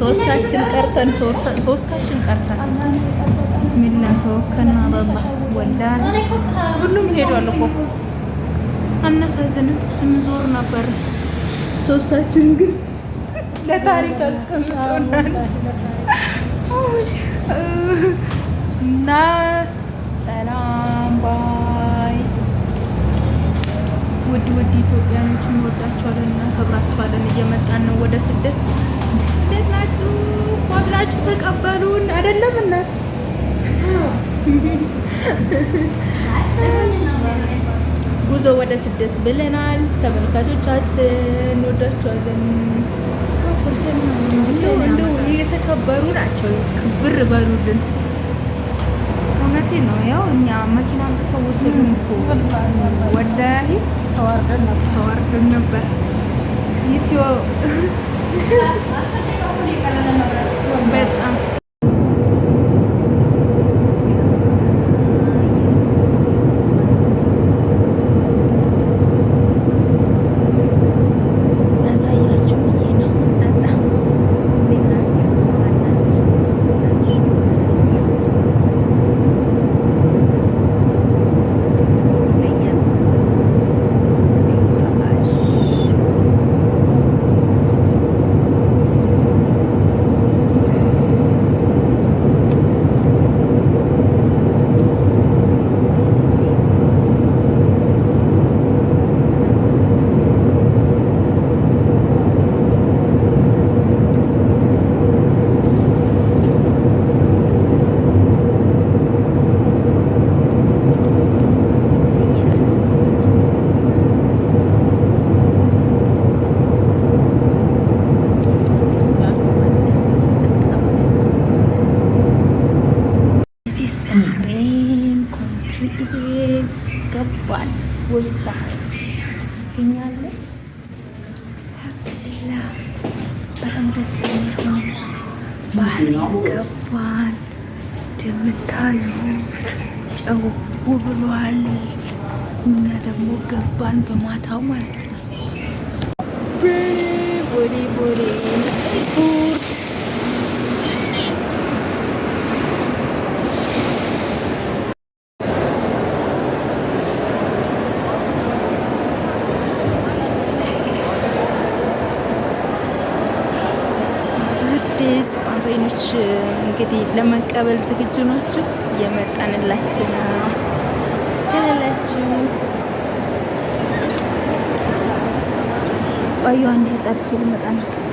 ሶስታችን ቀርተን ሶስታችን ቀርተን ብስሚላ ተወከና በላ ወላ ሁሉም ሄዷል እኮ አናሳዝንም። ዞር ነበር ሶስታችን ግን ለታሪክ አስቀምጦናል። ኢትዮጵያኖች እንወዳቸዋለን፣ እናከብራቸዋለን። እየመጣን ነው ወደ ስደት። እንዴት ናችሁ? ዋብላችሁ ተቀበሉን። አይደለም እናት ጉዞ ወደ ስደት ብለናል። ተመልካቾቻችን እንወዳቸዋለን። እንደው የተከበሩ ናቸው። ክብር በሉልን። እውነቴ ነው። ያው እኛ መኪና አምጥተው ወሰዱን እኮ ወላሂ ተዋርደን ነበር ተዋርደን ነበር ኢትዮ ይገባል። ውብ ባህል ላ በጣም ደስ የሚል ሁኔታ ባህል ይገባል። እንደምታዩ ጨው ብሏል። እኛ ደግሞ ገባን በማታው ማለት ነው። አዲስ ባሬኖች እንግዲህ ለመቀበል ዝግጁ ናችሁ? እየመጣንላችሁ ነው ትላላችሁ። ቆዩ አንድ ጠርቼ መጣ ነው።